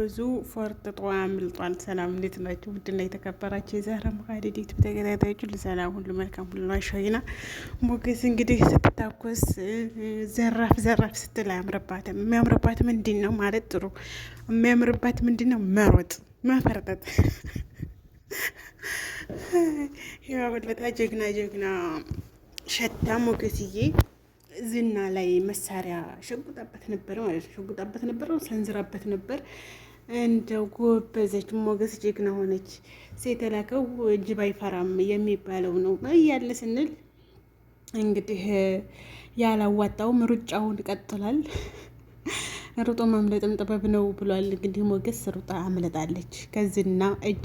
ብዙ ፈርጥጦ አምልጧል። ሰላም እንዴት ናችሁ? ውድና የተከበራችሁ የዛህራ መካደድ ዩቱብ ተከታታዮች ሁሉ ሰላም፣ ሁሉ መልካም፣ ሁሉ አሸይና ሞገስ እንግዲህ ስትታኮስ ዘራፍ ዘራፍ ስትል አያምርባትም። የሚያምርባት ምንድን ነው ማለት ጥሩ የሚያምርባት ምንድን ነው መሮጥ፣ መፈርጠጥ ያበለጣ ጀግና ጀግና ሸታ ሞገስዬ ዝና ላይ መሳሪያ ሸጉጣበት ነበር ማለት ነው። ሸጉጣበት ነበር፣ ሰንዝራበት ነበር። እንደው ጎበዘች ሞገስ ጀግና ሆነች። ሴት የላከው እጅ ባይፈራም የሚባለው ነው እያለ ስንል እንግዲህ ያላዋጣውም ሩጫውን ቀጥሏል። ሩጦ ማምለጥም ጥበብ ነው ብሏል። እንግዲህ ሞገስ ሩጣ አምለጣለች፣ ከዝና እጅ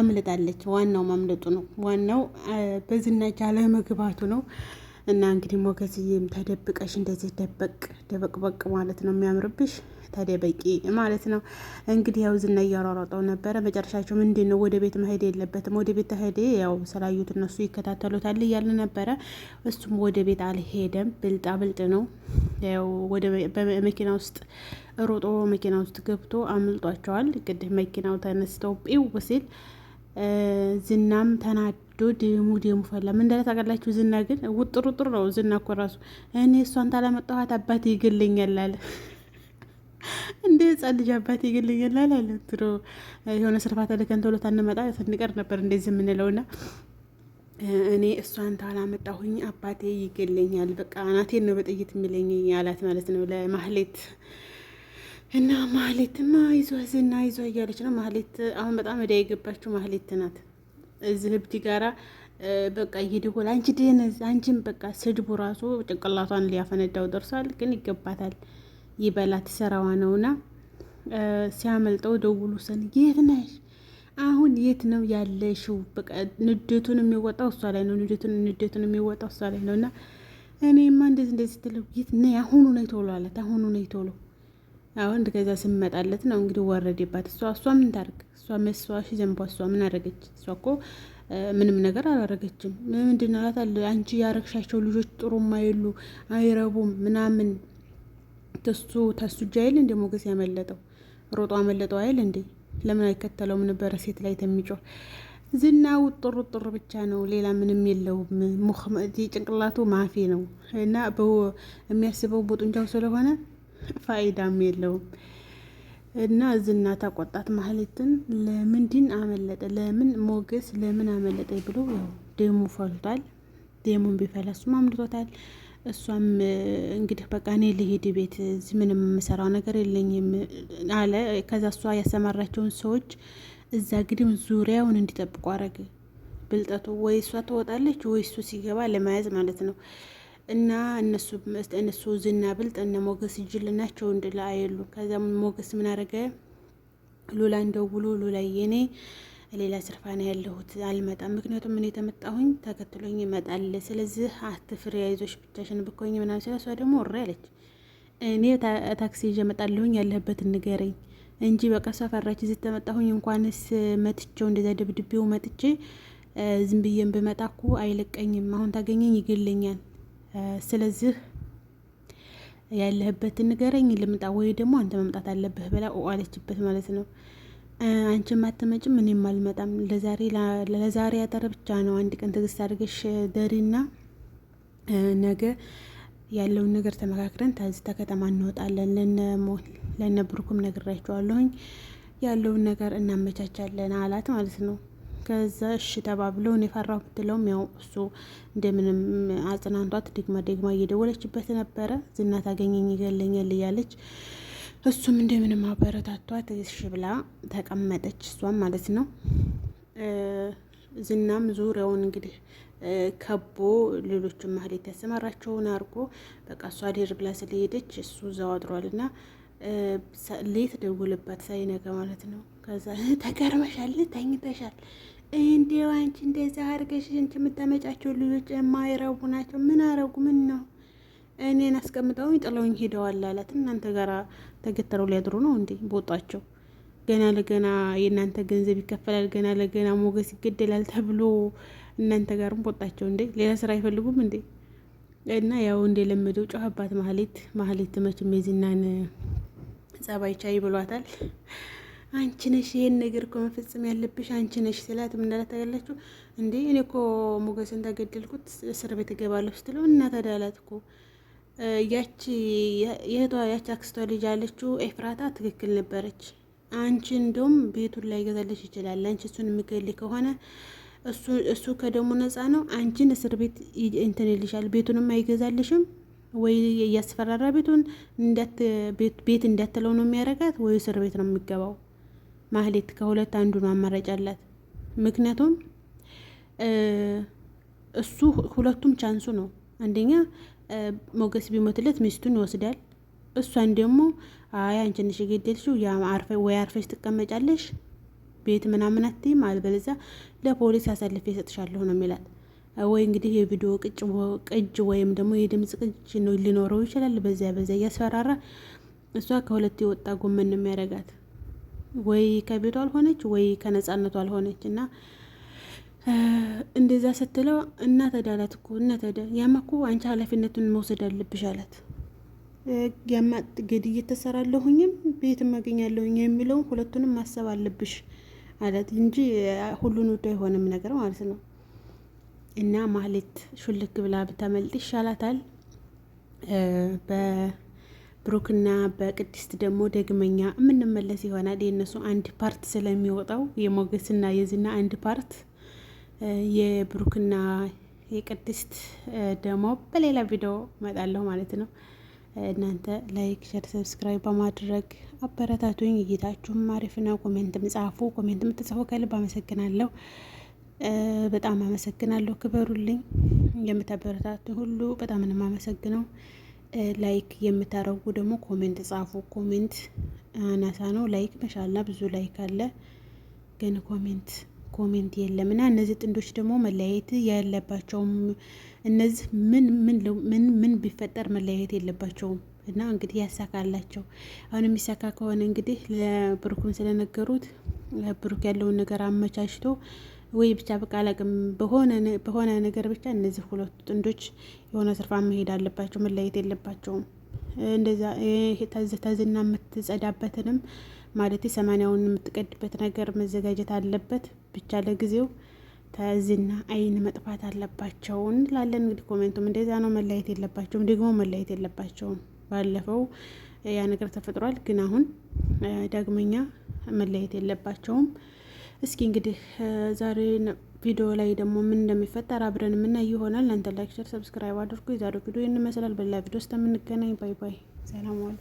አምለጣለች። ዋናው ማምለጡ ነው። ዋናው በዝና እጅ አለመግባቱ ነው። እና እንግዲህ ሞገዝዬም ተደብቀሽ እንደዚህ ደበቅ ደበቅበቅ ማለት ነው የሚያምርብሽ፣ ተደበቂ ማለት ነው። እንግዲህ ያው ዝና እያሯሯጠው ነበረ። መጨረሻቸው ምንድን ነው ወደ ቤት መሄድ የለበትም ወደ ቤት ተሄደ፣ ያው ስላዩት እነሱ ይከታተሉታል እያለ ነበረ። እሱም ወደ ቤት አልሄደም። ብልጣ ብልጥ ነው ያው ወደ መኪና ውስጥ ሮጦ መኪና ውስጥ ገብቶ አምልጧቸዋል። እንግዲህ መኪናው ተነስተው ጲው ሲል ዝናም ተናድ ወዶ ደሙ ደሙ ፈላ። ምን እንዳለ ታውቃላችሁ? ዝና ግን ውጥር ውጥር ነው። ዝና እኮ ራሱ እኔ እሷን ታላመጣኋት አባቴ ይገለኛል አለ። እንደ ህፃን ልጅ አባቴ ይገለኛል አለ። ድሮ የሆነ ስርፋት ልከን ቶሎ ታንመጣ ስንቀር ነበር እንደዚህ የምንለውና እኔ እሷን ታላመጣሁኝ አባቴ ይገለኛል፣ በቃ አናቴን ነው በጥይት የሚለኝ አላት ማለት ነው ለማህሌት እና ማህሌትማ ይዟ ዝና ይዞ እያለች ነው። ማህሌት አሁን በጣም ወዲያ የገባችው ማህሌት ናት። እዚህ እብድ ጋራ በቃ እየደወለ አንቺ ደነዝ አንቺን በቃ ስድቡ ራሱ ጭንቅላቷን ሊያፈነዳው ደርሷል። ግን ይገባታል፣ ይበላት ሰራዋ ነውና ሲያመልጠው ደውሉ ሰን የት ነሽ አሁን የት ነው ያለሽው? በቃ ንዴቱን የሚወጣው እሷ ላይ ነው። ንዴቱን ንዴቱን የሚወጣው እሷ ላይ ነው እና እኔማ እንደዚህ እንደዚህ ስትለው የት ነይ አሁኑ ነይ ቶሎ አላት። አሁኑ ነይ ቶሎ አሁን ከዛ ስመጣለት ነው እንግዲህ ወረደባት። እሷ እሷ ምን ታርግ? እሷ መስዋ ሺ ዘንቧ እሷ ምን አረገች? እሷ እኮ ምንም ነገር አላረገችም። ምንድን አላታል? አንቺ ያረግሻቸው ልጆች ጥሩም አይሉ አይረቡም ምናምን ተሱ ተሱ ጃይል እንደ ሞገስ ያመለጠው ሮጦ አመለጠው አይል እንዴ? ለምን አይከተለውም ነበረ? ሴት ላይ ተሚጮ ዝናው ጥሩ ጥሩ ብቻ ነው፣ ሌላ ምንም የለውም። ጭንቅላቱ ማፌ ነው እና የሚያስበው ቡጡንቻው ስለሆነ ፋይዳም የለውም። እና ዝና ተቆጣት ማህሌትን። ለምንድን አመለጠ ለምን ሞገስ ለምን አመለጠ ብሎ ደሙ ፈልቷል። ደሙን ቢፈላ እሱም አምልቶታል። እሷም እንግዲህ በቃ እኔ ልሂድ ቤት፣ እዚህ ምንም የምሰራው ነገር የለኝም አለ። ከዛ እሷ ያሰማራቸውን ሰዎች እዛ ግድም ዙሪያውን እንዲጠብቁ አረግ ብልጠቱ ወይ እሷ ትወጣለች ወይ እሱ ሲገባ ለመያዝ ማለት ነው። እና እነሱ እነሱ ዝና ብልጥ እነ ሞገስ ይጅልናቸው እንድላ አየሉ። ከዚያም ሞገስ ምን አረገ? ሉላ እንደውሉ ሉላ የኔ ሌላ ስርፋ ነው ያለሁት፣ አልመጣም። ምክንያቱም እኔ የተመጣሁኝ ተከትሎኝ ይመጣል። ስለዚህ አትፍሪ፣ አይዞሽ፣ ብቻሽን ብኮኝ ምናምን ሲለ እሷ ደግሞ ወሬ አለች። እኔ ታክሲ ይዤ እመጣለሁኝ፣ ያለህበትን ንገረኝ እንጂ በቃ እሷ ፈራች። እዚህ ተመጣሁኝ እንኳንስ መትቼው እንደዛ ደብድቤው መጥቼ ዝም ብዬም ብመጣኩ አይለቀኝም። አሁን ታገኘኝ ይግልኛል ስለዚህ ያለህበትን ንገረኝ ልምጣ ወይ ደግሞ አንተ መምጣት አለብህ ብላ አለችበት ማለት ነው። አንቺም አትመጭም እኔም አልመጣም ለዛሬ ያጠረ ብቻ ነው። አንድ ቀን ትግስት አድርገሽ ደሪና ነገ ያለውን ነገር ተመካክረን ታዝታ ከተማ እንወጣለን። ለነ ብሩክም ነግራቸዋለሁኝ ያለውን ነገር እናመቻቻለን አላት ማለት ነው። ከዛ እሺ ተባብለውን እኔ ፈራሁ ያው እሱ እንደምንም አጽናንቷት ድግማ ደግማ እየደወለችበት ነበረ። ዝና ታገኘኝ ይገለኛል እያለች እሱም እንደምንም አበረታቷት እሺ ብላ ተቀመጠች፣ እሷም ማለት ነው። ዝናም ዙሪያውን እንግዲህ ከቦ ሌሎቹን ማህሌት ያሰማራቸውን አርጎ በቃ እሷ ዴር ብላ ስለሄደች እሱ እዛው አድሯል እና ሌት ደውልበት ሳይነገ ማለት ነው። ከዛ ተገርመሻል፣ ተኝተሻል እንዴው አንቺ እንደዚህ አድርገሽ እንቺ የምታመጫቸው ልጆች የማይረቡ ናቸው። ምን አረጉ? ምን ነው እኔን አስቀምጠውኝ ጥለውኝ ሄደዋል አላት። እናንተ ጋር ተገተረው ሊያድሩ ነው እንዴ? በወጣቸው ገና ለገና የእናንተ ገንዘብ ይከፈላል፣ ገና ለገና ሞገስ ይገደላል ተብሎ እናንተ ጋርም ቦጣቸው እንዴ? ሌላ ስራ አይፈልጉም እንዴ? እና ያው እንደለመደው ጮኸባት ማህሌት። ማህሌት መቼም የዝናን ጸባይ ቻይ ብሏታል። አንቺ ነሽ ይህን ነገር እኮ መፈጸም ያለብሽ አንቺ ነሽ ስላት ምን እንዳላት ታገላችሁ እንዴ እኔ እኮ ሞገስን እንዳገደልኩት እስር ቤት እገባለሁ ስትለው እና ተዳላት እኮ ያቺ የእህቷ ያቺ አክስቷ ልጅ ያለችው ኤፍራታ ትክክል ነበረች። አንቺ እንደውም ቤቱን ላይ ገዛለሽ ይችላል አንቺ እሱን የሚገል ከሆነ እሱ ከደሞ ነፃ ነው። አንቺን እስር ቤት እንትን ይልሻል፣ ቤቱንም አይገዛልሽም ወይ እያስፈራራ ቤቱን ቤት እንዳትለው ነው የሚያረጋት ወይ እስር ቤት ነው የሚገባው ማህሌት ከሁለት አንዱ ነው አማራጭ አላት። ምክንያቱም እሱ ሁለቱም ቻንሱ ነው። አንደኛ ሞገስ ቢሞትለት ሚስቱን ይወስዳል። እሷን ደግሞ አይ አንቺ ነሽ የገደልሽው ወይ አርፈሽ ትቀመጫለሽ ቤት ምናምን አትይም፣ አልበለዚያ ለፖሊስ አሳልፌ እሰጥሻለሁ ነው የሚላት። ወይ እንግዲህ የቪዲዮ ቅጭ ቅጅ ወይም ደግሞ የድምፅ ቅጅ ሊኖረው ይችላል። በዚያ በዚያ እያስፈራራ እሷ ከሁለት የወጣ ጎመን ነው የሚያደርጋት። ወይ ከቤቱ አልሆነች ወይ ከነጻነቱ አልሆነች እና እንደዛ ስትለው እናተዳ አላት እኮ እናተዳ ያማ እኮ አንቺ ኃላፊነቱን መውሰድ አለብሽ አላት። ያማ ግድ እየተሰራለሁኝም ቤት ማገኛለሁኝ የሚለውን ሁለቱንም ማሰብ አለብሽ አላት እንጂ ሁሉን ወዶ አይሆንም ነገር ማለት ነው። እና ማህሌት ሹልክ ብላ ብታመልጥ ይሻላታል። ብሩክና በቅድስት ደግሞ ደግመኛ የምንመለስ ይሆናል። የእነሱ አንድ ፓርት ስለሚወጣው የሞገስና የዝና አንድ ፓርት የብሩክና የቅድስት ደግሞ በሌላ ቪዲዮ እመጣለሁ ማለት ነው። እናንተ ላይክ፣ ሸር፣ ሰብስክራይብ በማድረግ አበረታቱኝ። እይታችሁም አሪፍ ነው። ኮሜንት ምጻፉ። ኮሜንት የምትጽፉ ከልብ አመሰግናለሁ። በጣም አመሰግናለሁ። ክበሩልኝ። የምታበረታቱ ሁሉ በጣም ነው የማመሰግነው። ላይክ የምታደርጉ ደግሞ ኮሜንት ጻፉ። ኮሜንት አናሳ ነው። ላይክ መሻላ ብዙ ላይክ አለ፣ ግን ኮሜንት ኮሜንት የለም እና እነዚህ ጥንዶች ደግሞ መለያየት ያለባቸውም እነዚህ ምን ምን ምን ቢፈጠር መለያየት የለባቸውም እና እንግዲህ ያሳካላቸው። አሁን የሚሳካ ከሆነ እንግዲህ ለብሩክም ስለነገሩት ብሩክ ያለውን ነገር አመቻችቶ ወይ ብቻ በቃ አላቅም። በሆነ ነገር ብቻ እነዚህ ሁለቱ ጥንዶች የሆነ ስርፋ መሄድ አለባቸው፣ መለየት የለባቸውም። እንደዛ ተዝና የምትጸዳበትንም ማለት ሰማንያውን የምትቀድበት ነገር መዘጋጀት አለበት። ብቻ ለጊዜው ተዝና አይን መጥፋት አለባቸው እንላለን። እንግዲህ ኮሜንቱም እንደዛ ነው። መለየት የለባቸውም ደግሞ መለየት የለባቸውም። ባለፈው ያ ነገር ተፈጥሯል፣ ግን አሁን ዳግመኛ መለየት የለባቸውም። እስኪ እንግዲህ ዛሬ ቪዲዮ ላይ ደግሞ ምን እንደሚፈጠር አብረን የምናይ ይሆናል። እናንተ ላይክ፣ ሸር፣ ሰብስክራይብ አድርጉ። የዛሬው ቪዲዮ ይህን ይመስላል። በሌላ ቪዲዮ እስከምንገናኝ ባይ ባይ። ሰላም ዋሉ።